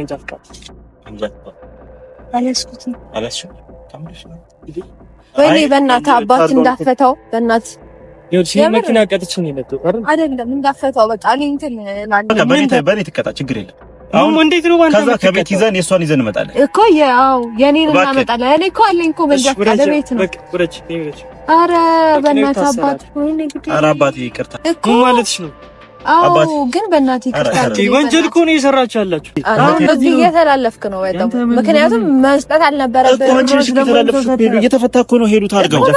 መንጃ ፍቃድ አልያዝኩትም። ወይኔ በእናትህ አባት እንዳፈታው በእናትህ መኪና ቀጥቼ ነው አይደለም እንዳፈታው በቃ በእኔ ትቀጣ ችግር የለም። አሁን እንዴት ነው ባንተ? ከዛ ከቤት ይዘን የእሷን ይዘን እንመጣለን እኮ ያው የኔን እናመጣለን። እኔ እኮ አለኝ እኮ ነው። ኧረ በእናትህ አባት፣ ወይኔ ግድ ኧረ አባት ይቅርታ ማለት ነው አዎ ግን በእናትህ ይቅርታ። ወንጀል እኮ ነው ያላችሁ። አሁን በዚህ እየተላለፍክ ነው በጣም ምክንያቱም መስጠት አልነበረብህ። እየተፈታ እኮ ነው ሄዱ። ታርገው አረ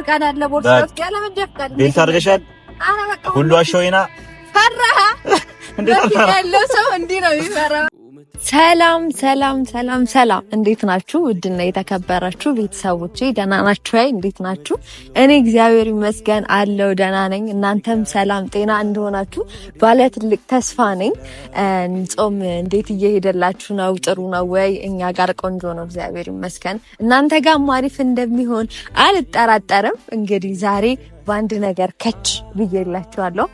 ፍቃድ አለ ሁሉ አሸወይና ፈራ። ያለው ሰው እንዲህ ነው የሚፈራው? ሰላም ሰላም ሰላም ሰላም፣ እንዴት ናችሁ? ውድና የተከበራችሁ ቤተሰቦቼ ደህና ናችሁ? አይ እንዴት ናችሁ? እኔ እግዚአብሔር ይመስገን አለው ደህና ነኝ። እናንተም ሰላም ጤና እንደሆናችሁ ባለ ትልቅ ተስፋ ነኝ። ጾም እንዴት እየሄደላችሁ ነው? ጥሩ ነው ወይ? እኛ ጋር ቆንጆ ነው እግዚአብሔር ይመስገን። እናንተ ጋር አሪፍ እንደሚሆን አልጠራጠርም። እንግዲህ ዛሬ በአንድ ነገር ከች ብዬላችኋለሁ።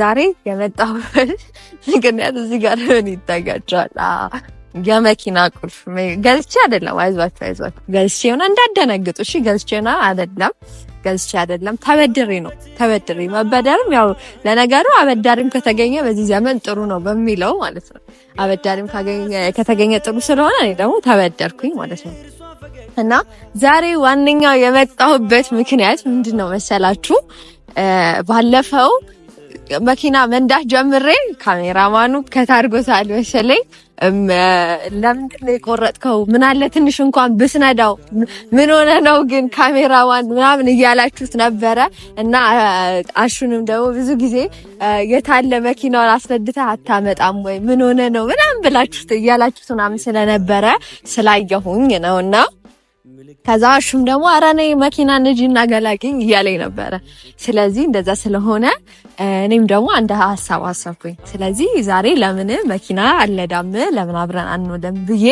ዛሬ የመጣሁበት ምክንያት እዚህ ጋር ምን ይታያቸዋል? የመኪና ቁልፍ ገልቼ አይደለም። አይዟችሁ አይዟችሁ፣ ገልቼ ሆነ እንዳደነግጡ። እሺ ገልቼ ሆነ አይደለም፣ ገልቼ አይደለም፣ ተበድሬ ነው። ተበድሬ መበደርም ያው ለነገሩ አበዳሪም ከተገኘ በዚህ ዘመን ጥሩ ነው በሚለው ማለት ነው። አበዳሪም ከተገኘ ጥሩ ስለሆነ እኔ ደግሞ ተበደርኩኝ ማለት ነው። እና ዛሬ ዋነኛው የመጣሁበት ምክንያት ምንድን ነው መሰላችሁ? ባለፈው መኪና መንዳት ጀምሬ ካሜራማኑ ከታርጎ ሳል መሰለኝ። ለምንድን ነው የቆረጥከው? ምን አለ ትንሽ እንኳን ብስነዳው፣ ምን ሆነ ነው ግን ካሜራማን ምናምን እያላችሁት ነበረ። እና አሹንም ደግሞ ብዙ ጊዜ የታለ መኪናውን አስነድተ አታመጣም ወይ ምን ሆነ ነው ምናምን ብላችሁት እያላችሁት ምናምን ስለነበረ ስላየሁኝ ነው እና ከዛ እሹም ደግሞ ኧረ እኔ መኪና ነጂና ገላግኝ እያለኝ ነበረ። ስለዚህ እንደዛ ስለሆነ እኔም ደግሞ አንድ ሀሳብ አሰብኩኝ። ስለዚህ ዛሬ ለምን መኪና አለዳም ለምን አብረን አንወደም ብዬ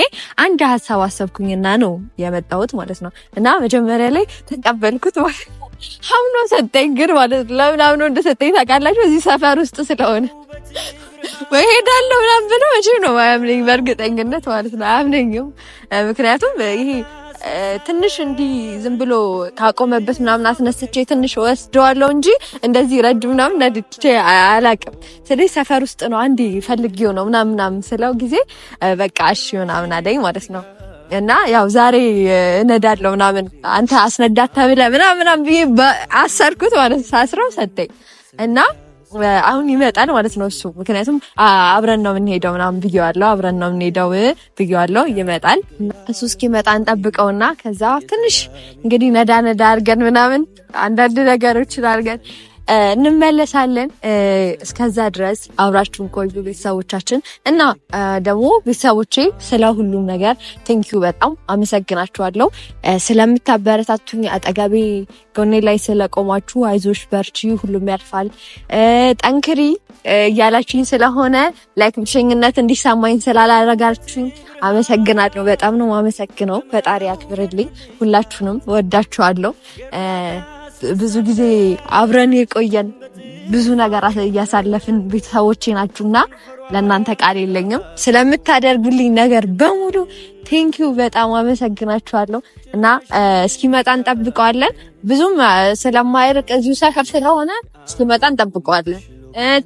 አንድ ሀሳብ አሰብኩኝና ነው የመጣሁት ማለት ነው። እና መጀመሪያ ላይ ተቀበልኩት ማለት ነው። አምኖ ሰጠኝ። ግን ማለት ለምን አምኖ እንደሰጠኝ ታውቃላችሁ? እዚህ ሰፈር ውስጥ ስለሆነ እሄዳለሁ ምናምን ብሎ መቼም ነው አያምነኝ፣ በእርግጠኝነት ማለት ነው አያምነኝም። ምክንያቱም ይሄ ትንሽ እንዲህ ዝም ብሎ ካቆመበት ምናምን አስነስቼ ትንሽ ወስደዋለው እንጂ እንደዚህ ረድ ምናምን ነድቼ አላቅም። ስለዚህ ሰፈር ውስጥ ነው አንድ ፈልጌው ነው ምናምን ምናምን ስለው ጊዜ በቃ እሺ ምናምን አለኝ ማለት ነው። እና ያው ዛሬ እነዳለው ምናምን አንተ አስነዳት ተብለ ምናምን ብዬ አሰርኩት ማለት ሳስረው ሰጠኝ እና አሁን ይመጣል ማለት ነው እሱ። ምክንያቱም አብረን ነው የምንሄደው ምናምን ብዬዋለሁ። አብረን ነው የምንሄደው ብዬዋለሁ። ይመጣል እሱ። እስኪመጣ እንጠብቀውና ከዛ ትንሽ እንግዲህ ነዳ ነዳ አድርገን ምናምን አንዳንድ ነገሮችን አድርገን እንመለሳለን። እስከዛ ድረስ አብራችሁን ቆዩ ቤተሰቦቻችን እና ደግሞ ቤተሰቦቼ ስለ ሁሉም ነገር ቴንኪዩ በጣም አመሰግናችኋለሁ። ስለምታበረታቱኝ፣ አጠገቤ ጎኔ ላይ ስለቆማችሁ አይዞሽ፣ በርቺ፣ ሁሉም ያልፋል፣ ጠንክሪ እያላችሁኝ ስለሆነ ላይክ ብቸኝነት እንዲሰማኝ ስላላረጋችሁኝ አመሰግናለሁ። በጣም ነው አመሰግነው። ፈጣሪ አክብርልኝ። ሁላችሁንም ወዳችኋለሁ። ብዙ ጊዜ አብረን የቆየን ብዙ ነገር እያሳለፍን ቤተሰቦቼ ናችሁና ለእናንተ ቃል የለኝም። ስለምታደርጉልኝ ነገር በሙሉ ቴንኪዩ፣ በጣም አመሰግናችኋለሁ እና እስኪመጣ እንጠብቀዋለን። ብዙም ስለማይርቅ እዚሁ ሰፈር ስለሆነ እስኪመጣ እንጠብቀዋለን።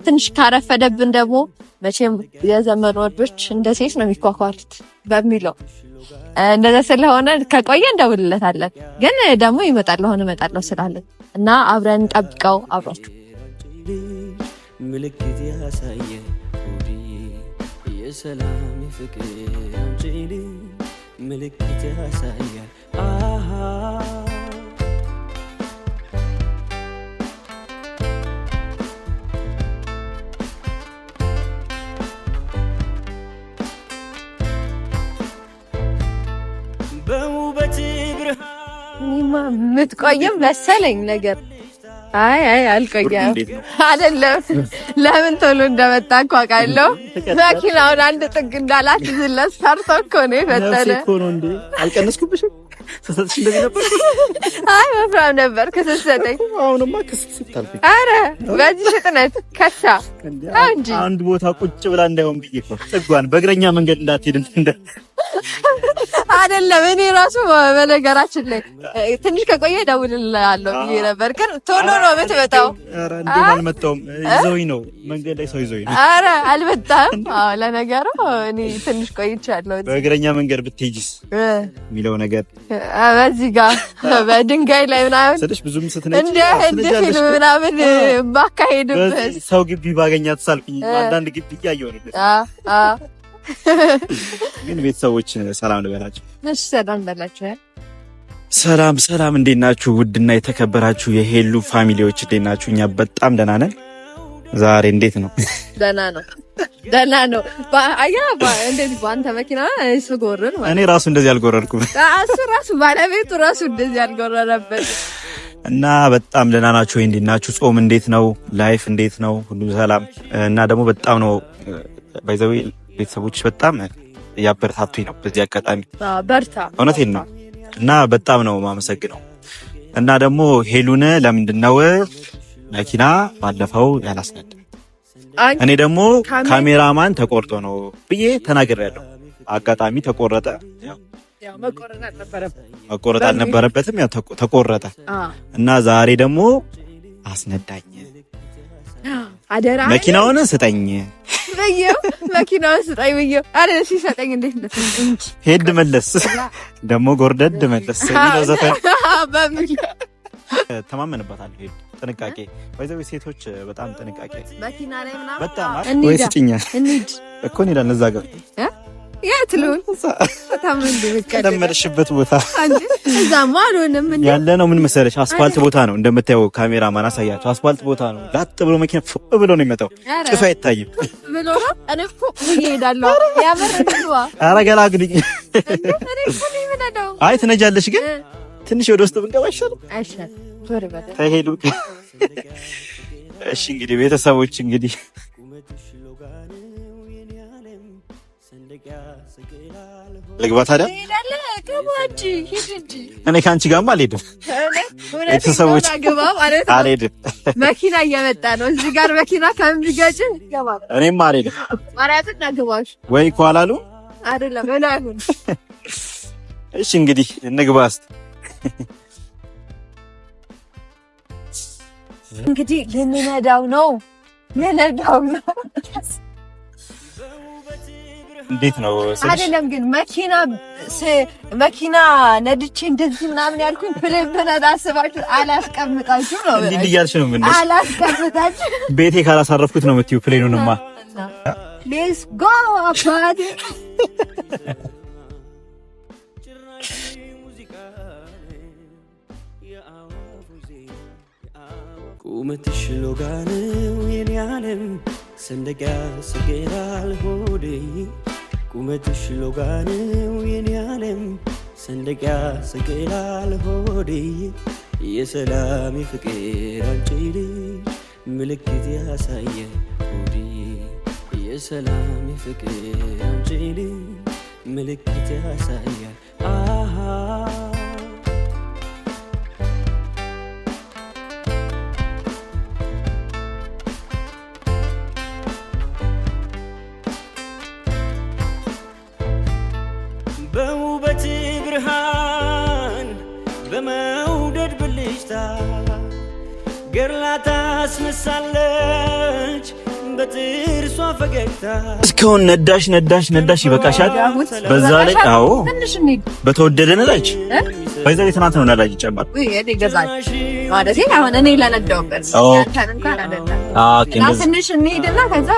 ትንሽ ካረፈደብን ደግሞ መቼም የዘመን ወንዶች እንደ ሴት ነው የሚኳኳሉት በሚለው እንደዛ ስለሆነ ከቆየ እንደውልለታለን። ግን ደግሞ ይመጣል ሆነ እመጣለሁ ስላለን እና አብረን ጠብቀው አብራችሁ ምልክት ያሳየ የሰላም ፍቅር ምልክት ያሳያል የምትቆይም መሰለኝ ነገር አይ አይ አልቆየም አይደለም። ለምን ቶሎ እንደመጣ እኮ አውቃለሁ። መኪናውን አንድ ጥግ እንዳላት ዝለት ሰርቶ እኮ ነው የፈጠነ አልቀነስኩብሽም። ሰሰጥሽ እንደዚህ ነበር። አይ ወፍራም ነበር ከሰሰጠኝ። አሁንማ ኧረ በዚህ ፍጥነት ከሳ እንጂ አንድ ቦታ ቁጭ ብላ እንዳይሆን ብዬሽ ነው። ጥጓን በእግረኛ መንገድ እንዳትሄድ አይደለም። እኔ ራሱ በነገራችን ላይ ትንሽ ከቆየ እደውልልሃለሁ ብዬ ነበር፣ ግን ቶሎ ነው የምትመጣው። ኧረ እንደውም አልመጣሁም፣ ይዘውኝ ነው መንገድ ላይ ሰው ይዘውኝ ነው። ኧረ አልመጣህም? አዎ፣ ለነገሩ እኔ ትንሽ ቆይቻለሁ። በእግረኛ መንገድ ብትሄጂስ የሚለው ነገር በዚህ ጋር በድንጋይ ላይ ምናምን ስልሽ ብዙም ስትነጭ እንደ ፊልም ምናምን ባካሄድበት ሰው ግቢ ባገኛት ሳልኩኝ አንዳንድ ግቢ እያየሁ ነው ግን ቤተሰቦች ሰላም ልበላቸው። ሰላም ልበላቸው። ሰላም ሰላም፣ እንዴት ናችሁ? ውድና የተከበራችሁ የሄሉ ፋሚሊዎች እንዴት ናችሁ? እኛ በጣም ደህና ነን። ዛሬ እንዴት ነው? ደህና ነው፣ ደህና ነው። አያ እንደዚህ በአንተ መኪና ስጎርን እኔ ራሱ እንደዚህ አልጎረርኩም። እሱ ራሱ ባለቤቱ ራሱ እንደዚህ አልጎረረበት እና በጣም ደህና ናችሁ ወይ? እንዴት ናችሁ? ጾም እንዴት ነው? ላይፍ እንዴት ነው? ሁሉ ሰላም እና ደግሞ በጣም ነው ባይዘዌ ቤተሰቦች በጣም ያበረታቱኝ ነው። በዚህ አጋጣሚ በርታ፣ እውነቴን ነው እና በጣም ነው ማመሰግነው እና ደግሞ ሄሉን ለምንድነው መኪና ባለፈው ያላስነዳ? እኔ ደግሞ ካሜራማን ተቆርጦ ነው ብዬ ተናግሬያለሁ። አጋጣሚ ተቆረጠ፣ መቆረጥ አልነበረበትም፣ ተቆረጠ እና ዛሬ ደግሞ አስነዳኝ። መኪናውን ስጠኝ ብዬው መኪናውን ስጠኝ ብዬው ሲሰጠኝ እንዴት ሄድ መለስ ደግሞ ጎርደድ መለስ ዘፈን ተማመንበታል። ሄድ ጥንቃቄ ወይዘ ሴቶች በጣም ጥንቃቄ መኪና ላይ ምናምን በጣም ወይስ እኮ እንሄዳለን እዛ ጋር የት ልሆን ተመለሽበት ቦታ እዛማ አልሆነም። ያለ ነው ምን መሰለሽ፣ አስፋልት ቦታ ነው እንደምታየው። ካሜራ አሳያቸው፣ አስፋልት ቦታ ነው። ላጥ ብሎ መኪና ፎ ብሎ ነው የሚመጣው። ጭሱ አይታይም ብሎ ኧረ ገላግዱኝ። አይ ትነጃለሽ፣ ግን ትንሽ ወደ ውስጥ ብንገባ አይሻልም? ተሄዱ። እሺ እንግዲህ ቤተሰቦች እንግዲህ ልግባ ታዲያ? እኔ ከአንቺ ጋርማ አልሄድም። ቤተሰቦች አልሄድም። መኪና እየመጣ ነው። እዚህ ጋር መኪና ከሚገጭን እኔማ አልሄድም። ማርያምን ግባሽ ወይ አይደለም። አሉ አይደለም። እሺ እንግዲህ እንግባ እስኪ። እንግዲህ ልንነዳው ነው፣ ልንነዳው ነው እንዴት ነው አይደለም ግን መኪና መኪና ነድቼ እንደዚህ ምናምን ያልኩኝ ፕሌብነት አስባችሁ አላስቀምጣችሁ ነው እንዴ እያልሽ ነው ምን አላስቀምጣችሁ ቤቴ ካላሳረፍኩት ነው የምትይው ፕሌኑንማ ሌስ ጎ አባቴ ቁመትሽ ሎጋነው የኔ ዓለም ሰንደቂያ ስጌራል ሆዴ ቁመትሽ ሎጋነው የኔ ዓለም ሰንደቂያ ያሰቅላል ሆዴ የሰላም የፍቅር አንጭል ምልክት ያሳየ ሆዴ የሰላም የፍቅር አንጭል ምልክት ያሳያል ገርላታ ፈገግታ። እስካሁን ነዳሽ ነዳሽ ነዳሽ ይበቃሻል። በዛ ላይ አዎ በተወደደ ነዳች በዛ ትናንት ነው ነዳጅ ይጨመር ማለት አሁን እኔ ለነዳውበት ትንሽ እንሄድና ከዛ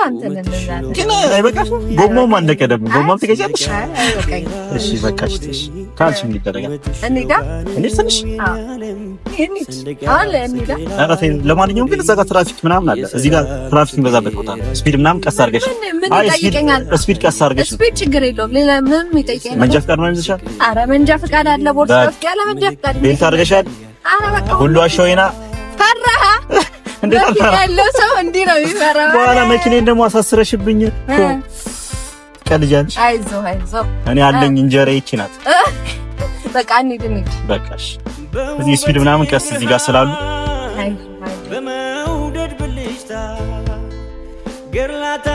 ግን እሺ በቃሽ። ምን ትንሽ ለማንኛውም ግን እዛ ጋር ትራፊክ ምናምን አለ። እዚህ ጋር ትራፊክ የሚበዛበት ቦታ ነው። ስፒድ ምናምን ቀስ አድርገሽ ስፒድ ቀስ አድርገሽ ስፒድ ችግር የለውም። ይጠይቀኛል። መንጃ ፈቃድ ምናምን ይዘሻል? ኧረ መንጃ ፈቃድ አለ ቦርሳ ቤልት አድርገሻል። ሁሉ አሸወይና ፈራህ። ያለው ሰው እንዲህ ነው የሚፈራው። በኋላ መኪናዬን ደግሞ አሳስረሽብኝ አይዞህ አይዞህ፣ እኔ አለኝ እንጀራ ይቺ ናት። በቃ እንሂድ። በቃ እሺ፣ እዚህ ስፒድ ምናምን ቀስ እዚህ ጋር ስላሉ በመውደድ ብልጭታ ገርላታ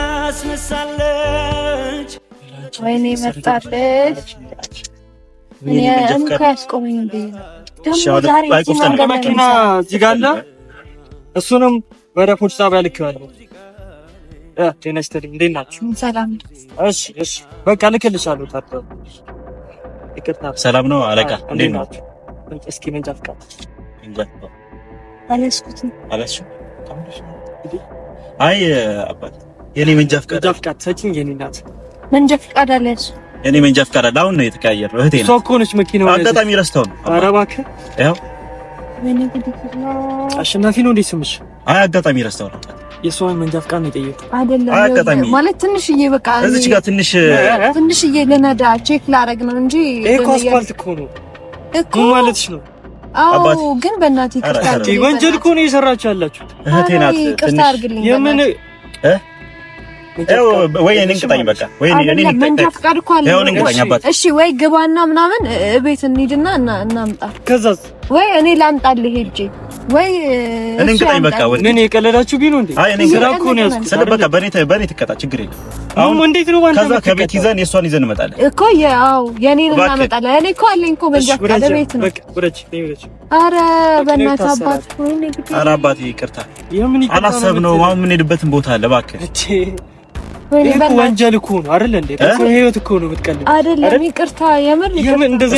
ወይኔ መጣለች እሱንም ወደ ፖሊስ ጣቢያ ልኬዋለሁ። ጤና ይስጥልኝ፣ እንዴት ናችሁ? ሰላም። እሺ፣ እሺ፣ በቃ ልክልሻለሁ። ሰላም ነው አለቃ፣ እንዴት ናችሁ? እስኪ መንጃ ፈቃድ አልያዝኩትም። አይ አባት፣ የኔ መንጃ ፈቃድ ፈቃድ ሰጪኝ፣ የኔ ናት መንጃ ፈቃድ አልያዝኩም እኔ መንጃ ፍቃድ አለ አሁን ነው የተቀያየረው። እህቴ ነው እኮ ነች መኪናው። አጋጣሚ ረስተው ነው። ኧረ እባክህ ያው አሸናፊ ነው እንዴ ስምሽ? አይ አጋጣሚ ረስተው ነው። የእሷን መንጃ ፍቃድ ነው የጠየቁት አይደለም። አጋጣሚ ማለት ትንሽዬ በቃ እዚች ጋር ትንሽ ትንሽዬ ልነዳ ቼክ ላደርግ ነው እንጂ እኮ አስፋልት እኮ ነው እኮ ማለትሽ ነው። አዎ ግን በእናትህ ይቅርታ አድርግልኝ። ወንጀል እኮ ነው የሰራችሁ ያላችሁት። እህቴ ናት። ትንሽ የምን እህ ወይ ግባና ምናምን ቤት እንሂድና እናምጣ። ከዛስ ወይ እኔ ላምጣልህ ሄጄ ወይ የቀለዳችሁ ቢሉ ችግር አሁን እንዴት ነው ከዛ ከቤት ይዘን የእሷን ይዘን እንመጣለን እኮ ያው የኔን እናመጣለን። እኔ እኮ አለኝ እኮ በእንጃ ቤት ነው። ኧረ በእናትህ አባት፣ ይቅርታ። አላሰብነውም። አሁን የምንሄድበትን ቦታ አለ እባክህ ወንጀል እኮ ነው አይደል እንዴ? ህይወት እኮ ነው የምትቀልድ አይደለም። ይቅርታ የምር ከዚህ በፊት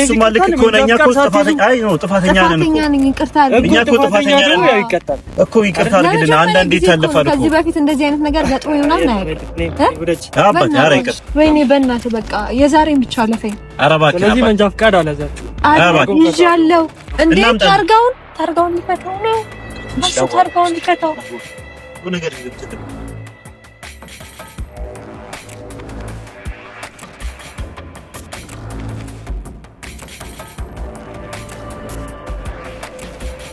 እንደዚህ አይነት ነገር ገጥሞኝ ምናምን አያውቅም። ወይኔ በእናትህ በቃ የዛሬን ብቻ አለፈኝ። ስለዚህ መንጃ ፈቃድ አልያዛችሁም? ይዣለሁ። እንዴት ታርጋውን ታርጋውን ሊፈታው ነው። ታርጋውን ሊፈታው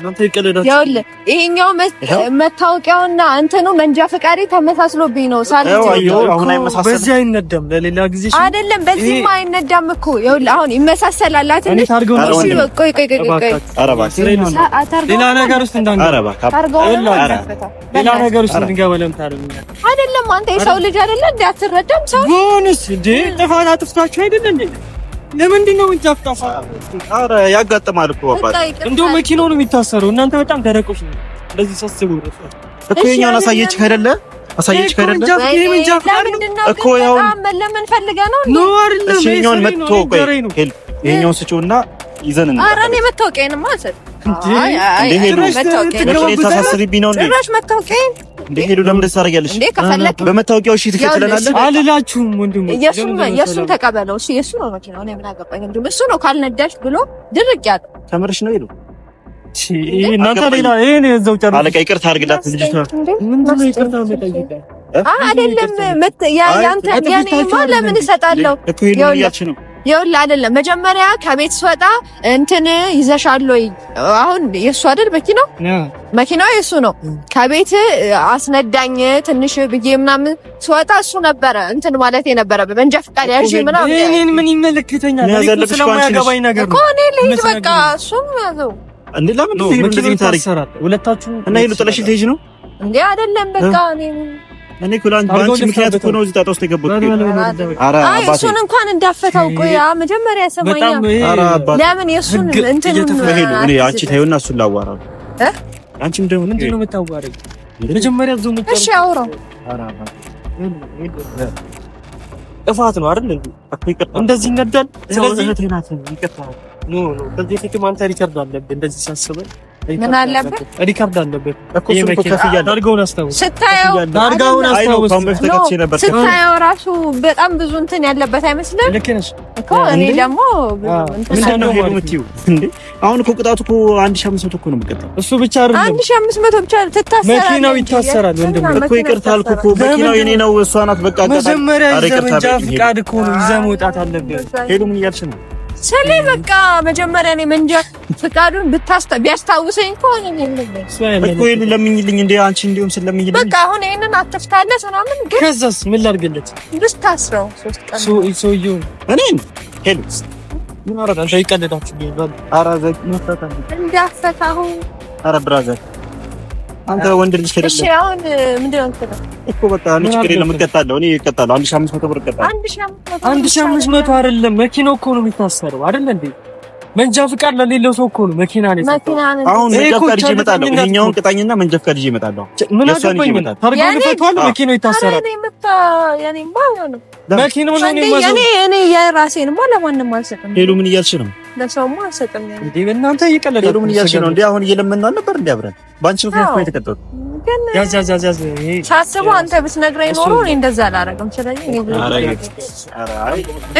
እናንተ ይቀደዳችሁ። ይኸውልህ ይሄኛው መታወቂያውና እንትኑ መንጃ ፈቃዴ ተመሳስሎብኝ ነው። በዚህ አይነዳም፣ ለሌላ ጊዜ አይደለም። በዚህማ አይነዳም እኮ ይኸውልህ፣ አሁን ይመሳሰላል። ሌላ ነገር ውስጥ እንድንገባ አይደለም። አንተ የሰው ልጅ አይደለ እንዴ? አትረዳም ሰው ጥፋት አጥፍታችሁ አይደለም እንዴ? ለምንድን ነው እጅ አረ ኧረ ያጋጥማል እኮ አባት። እንደው መኪናው ነው የሚታሰረው። እናንተ በጣም ደረቆች ነው። እንደዚህ ሰስቡ እኮ የኛውን አሳየች አይደለ? አሳየች አይደለ? እኮ ያው ለምን ፈልገህ ነው? ነው አይደል? እሺ የኛውን መጥቶ ቆይ ሄል ስጪውና ይዘን እና ኧረ እኔ መታወቂያዬንማ አልሰጥም። አይ አይ መታወቂያዬን ጭራሽ መታወቂያዬን እንዴ ሄዱ ለምን ደስ ታደርጊያለሽ? እንዴ ከፈለክ በመታወቂያው እሺ ትከተለናለህ አልላችሁም። ወንድሙ የሱን የሱን ተቀበለው። እሺ የሱ ነው መኪናው ነው የምናገባኝ። እንዴ እሱ ነው ካልነዳሽ ብሎ ድርቅ ያለ ተምርሽ ነው ይሉ እሺ እናንተ ሌላ እዛው ነው አይደለም ያንተ ለምን እሰጣለሁ ያቺ ነው ይኸውልህ አይደለም መጀመሪያ ከቤት ስወጣ እንትን ይዘሻል ወይ? አሁን የእሱ አይደል መኪናው መኪናው የእሱ ነው። ከቤት አስነዳኝ ትንሽ ብዬ ምናምን ስወጣ እሱ ነበረ እንትን ማለት የነበረ መንጃ ፈቃድ ያዥ ምናምን። ምን ይመለከተኛል? ስለማያገባኝ ነገር እኮ እኔ ልሂድ በቃ። እሱም ያዘው እንዴ ለምን ሁለታችሁ እና ይሉ ነው እንዴ? አይደለም በቃ እኔ እኔ ኩላን ለአንተ ምክንያት እኮ ነው እዚህ ጣጣ ውስጥ የገባሁት። ኧረ አባቴ እሱን እንኳን እንዳፈታው ቆይ፣ ያ መጀመሪያ ሰማኛ። አባቴ ለምን እንትን አንቺ ታዩና እሱን እ ጥፋት ነው አይደል እንዴ? እንደዚህ ይነዳል። ስለዚህ ኖ ኖ፣ ከዚህ ፊትም አንተ ሪከርድ አለብህ እንደዚህ ምን አለበት? ስታየው ራሱ በጣም ብዙ እንትን ያለበት አይመስልም? ልክ እኔ ደግሞ አሁን እኮ ቅጣቱ እኮ አንድ ሺህ አምስት መቶ እኮ ነው የምትቀጣው። እሱ ብቻ አይደለም አንድ ሺህ አምስት መቶ ብቻ ትታሰራለህ። መኪናው ይታሰራል ወንድም እኮ ይቅርታ አልኩህ እኮ መኪናው የኔ ነው እሷ ናት በቃ። መጀመሪያ ይዘህ መውጣት ምን እያልሽ ነው? ሰሌ በቃ መጀመሪያ እኔ መንጃ ፍቃዱን ብታስተ ቢያስታውሰኝ ከሆነ እኮ ይሄን ለምኝልኝ እንደ አንቺ እንዲሁም ስለምኝልኝ በቃ አሁን ይሄንን አትፍታለህ ምናምን ግን ከዛስ ምን ላድርግለት? ልታስረው ሶስት ቀን ሰውዬውን እኔን ሄሉስ ምን አረጋሽ? ይቀልዳችሁ እንዳፈታሁ አረ ብራዘር አንተ ወንድ ልጅ ከደለ እሺ፣ አሁን ምንድን ነው የምትለው እኮ በቃ እኔ ችግር የለም እቀጣለሁ። እኔ እቀጣለሁ። አንድ ሺህ አምስት መቶ ብር እቀጣለሁ። አንድ ሺህ አምስት መቶ አይደለም መኪናው እኮ ነው የሚታሰረው እንዴ? መንጃ ፍቃድ ለሌለው ሰው እኮ ነው መኪና ነው። አሁን መንጃ ፍቃድ ይዤ እመጣለሁ። ቅጣኝና መንጃ ፍቃድ ይዤ እመጣለሁ። ምን አገባኝ? መኪናው ይታሰራል። መኪናው ነው የራሴን። ለማንም አልሰጥም። ሄሉ ምን እያልሽ ነው? ለሰውማ አልሰጥም። እንዴ ምን እያልሽ ነው? እንዴ አሁን ነበር። እንዴ አብረን ምክንያት ነው የተቀጠሩት። ሳስበው አንተ ብትነግረኝ ኖሮ እኔ እንደዛ አላረግም። ስለዚህ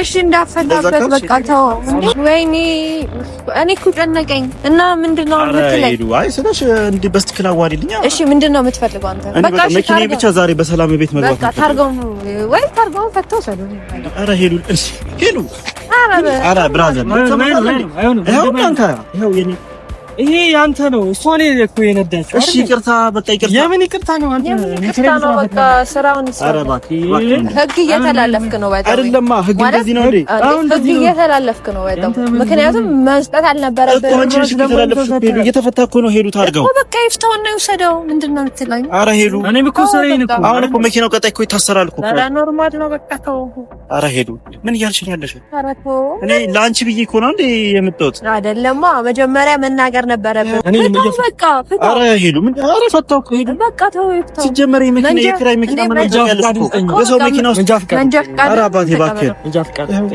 እሺ እንዳፈላበት በቃ ተው። ወይኔ እኔ እኮ ጨነቀኝ እና የምትለኝ? ስለሽ በስትክል አዋሪልኝ። እሺ የምትፈልገው አንተ? ብቻ ዛሬ በሰላም ቤት መግባት ነው። ታርገው ወይ ታርገው ፈተው ኧረ ኧረ ብራዘር ይሄ ያንተ ነው። እሷ እኔ እኮ የነዳችው። እሺ ይቅርታ፣ በቃ ይቅርታ። የምን ይቅርታ ነው? አንተ ይቅርታ ነው በቃ ስራውን ህግ እየተላለፍክ ነው። በጣም አይደለማ፣ ህግ እንደዚህ ነው እንዴ? አሁን ህግ እየተላለፍክ ነው በጣም ምክንያቱም መስጠት አልነበረብህ እኮ። እየተፈታ እኮ ነው ሄዱ። ታርገው በቃ ይፍታውና ይውሰደው። ምንድን ነው የምትለኝ? ኧረ ሄዱ፣ እኔም እኮ ስራዬን እኮ አሁን እኮ መኪናው ቀጣይ እኮ ይታሰራል እኮ። ኧረ ኖርማል ነው በቃ ተው። ኧረ ሄዱ፣ ምን እያልሽ ነው ያለሽው? እኔ ለአንቺ ብዬሽ እኮ ነው እንዴ የምትወጥ አይደለማ። መጀመሪያ መናገር ነበረብን። በቃ ኧረ ሄዱ በቃ ተው ሲጀመር የመኪና የኪራይ መኪና መንጃ ፈቃድ የሰው መኪና ውስጥ መንጃ ፈቃድ ኧረ አባቴ እባክህን መንጃ ፈቃድ ምንም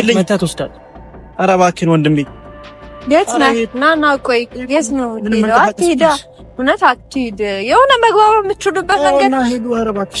የለኝም። ኧረ እባክህን ወንድሜ የት ነህ? ና ና ቆይ የት ነው የምትሄደው? እውነት አትሄድ። የሆነ መግባባ የምትችሉበት መንገድ ኧረ እባክሽ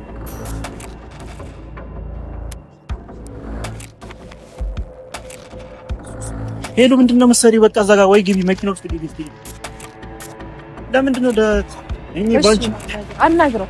ሄሉ ምንድነው መሰሪ በቃ እዛ ጋር ወይ ግቢ፣ መኪና ውስጥ ግቢ። እስኪ ለምንድን ነው እኔ ባንቺ አናግረው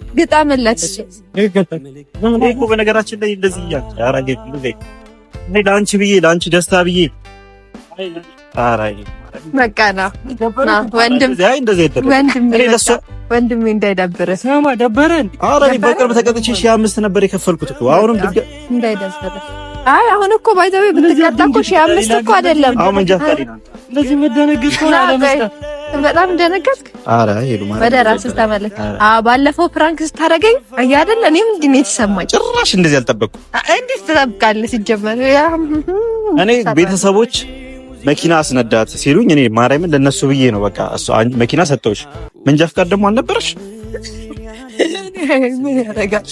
ግጠምለት እኮ በነገራችን ላይ እንደዚህ ለአንቺ ብዬ ለአንቺ ደስታ ብዬ በቃ ና ወንድም ነበር የከፈልኩት እኮ አሁንም ድጋ እንዳይደብርህ። አይ አሁን እኮ ባይዘው ብትቀጣ እኮ ሺህ አምስት እኮ አይደለም አሁን መንጃ ፈቃድ እንደዚህ መደነግጥ እኮ አለመስጠት በጣም እንደነገጥክ። አረ ሄዱ ማለት ወደ ራስህ ተመለስ። አዎ ባለፈው ፕራንክ ስታደርገኝ አያደለ አይደል? እኔም ምንድን ነው የተሰማኝ? ጭራሽ እንደዚህ አልጠበቅኩ። እንዴት ትጠብቃለህ? ሲጀመር እኔ ቤተሰቦች መኪና አስነዳት ሲሉኝ እኔ ማርያምን ለነሱ ብዬ ነው በቃ እሱ መኪና ሰጠሁሽ፣ መንጃ ፍቃድ ደግሞ አልነበረሽ። ምን ያደርጋል?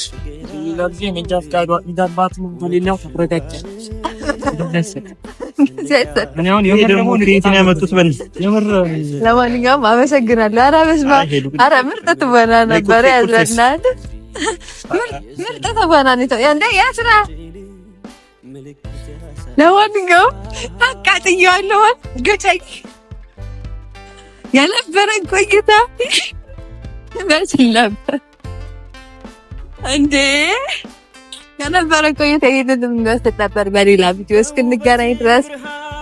ለዚህ መንጃ ፍቃድ እንዳባት ምን ተሌላው ተረጋግጠን ለማንኛውም አመሰግናለሁ። ኧረ በስመ አብ! ኧረ ምርጥ ትወና ነበር ያዘናል። ምርጥ ትወና ያስራ። ለማንኛውም አቃጥየዋለሁ። ገጨኝ የነበረን ቆይታ ይመስል ነበር እንዴ! ከነበረ ቆይታ ይሄንን የሚመስል ነበር። በሌላ ቪዲዮ እስክንገናኝ ድረስ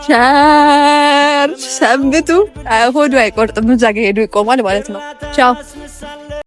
ቸር ሰንብቱ። ሆዱ አይቆርጥም፣ እዛ ጋ ሄዱ ይቆማል ማለት ነው። ቻው